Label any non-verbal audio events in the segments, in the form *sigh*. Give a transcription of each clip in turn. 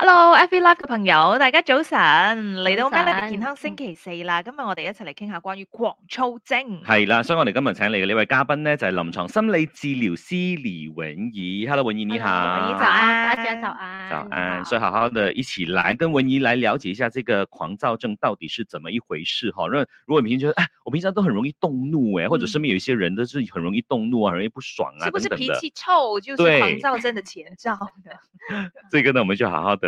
Hello，Every Life 嘅朋友，大家早晨，嚟到今日健康星期四啦。今日我哋一齊嚟傾下關於狂躁症。係 *laughs* *noise* 啦，所以我哋今日請嚟嘅呢位嘉賓呢，就係臨床心理治療師李文怡。Hello，文怡，你好。文怡，早安。大家早，早，早安。早安。所以好好的，一起嚟跟文怡嚟了解一下這個狂躁症到底是怎麼一回事哈。因為，如果如果平時覺得，誒、哎，我平常都很容易動怒誒、欸嗯，或者身邊有一些人都是很容易動怒啊，很容易不爽啊，是不是等等脾氣臭，就是狂躁症的前兆呢？呢個呢，我們就好好地。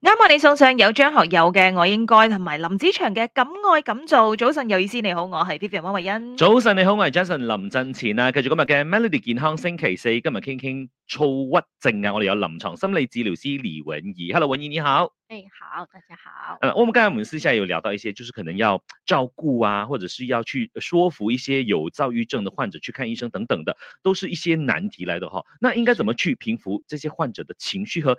啱啱你送上有張學友嘅《我應該》同埋林子祥嘅《敢愛敢做》。早晨，有意思你好，我係 Vivian 汪慧欣。早晨你好，我係 Jason 林振前啊。繼續今日嘅 Melody 健康星期四，今日傾傾躁鬱症啊。我哋有臨床心理治療師李穎儀，Hello，穎儀你好。誒，好，大家好。誒，我哋剛才我們私下有聊到一些，就是可能要照顧啊，或者是要去說服一些有躁鬱症的患者去看醫生等等的，都是一些難題嚟的嗬，那應該怎麼去平復這些患者的情緒和？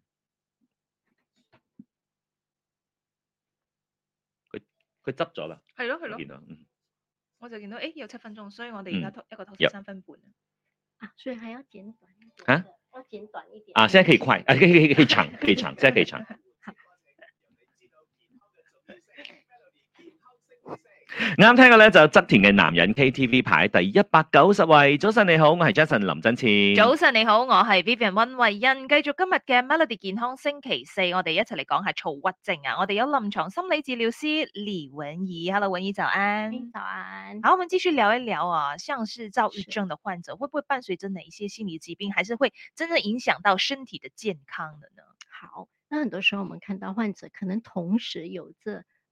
佢執咗啦，係咯係咯，見到、嗯，我就見到，哎，有七分鐘，所以我哋而家一個拖三三分半、嗯、啊，啊，仲要剪短，嚇，要剪短一點，啊，現在可以快，啊，可以可可以可以長，可以長，現在可以長。 *laughs* 啱聽嘅咧就側田嘅男人 KTV 排第一百九十位。早晨你好，我係 Jason 林振千。早晨你好，我係 Vivian 溫慧恩。繼續今日嘅 Melody 健康星期四，我哋一齊嚟講下躁鬱症啊。我哋有臨床心理治療師李穎儀，Hello 穎儀，早安早安。好，我們繼續聊一聊啊，像是躁鬱症的患者，會不會伴隨着哪一些心理疾病，還是會真正影響到身體的健康的呢？好，那很多時候我們看到患者可能同時有着。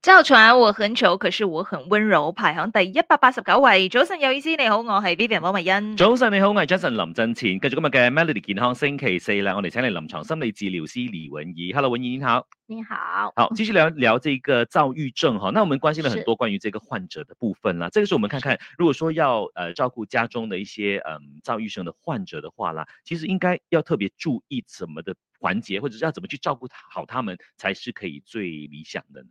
趙傳我很醜，可是我很溫柔，排行第一百八十九位。早晨有意思，你好，我係 Vivian 王維恩。早晨你好，我係 Justin 林振晴。跟着今日嘅 Melody 健康星期四啦，我哋請嚟臨牀心理治療師李文怡。Hello，文怡，你好。你好。好，繼續聊聊呢個躁鬱症哈。那我們關心了很多關於這個患者的部分啦。呢、這個時候，我們看看，如果說要、呃、照顧家中的一些嗯躁鬱症的患者的話啦，其實應該要特別注意怎麼的環節，或者要怎麼去照顧好他們，才是可以最理想的呢？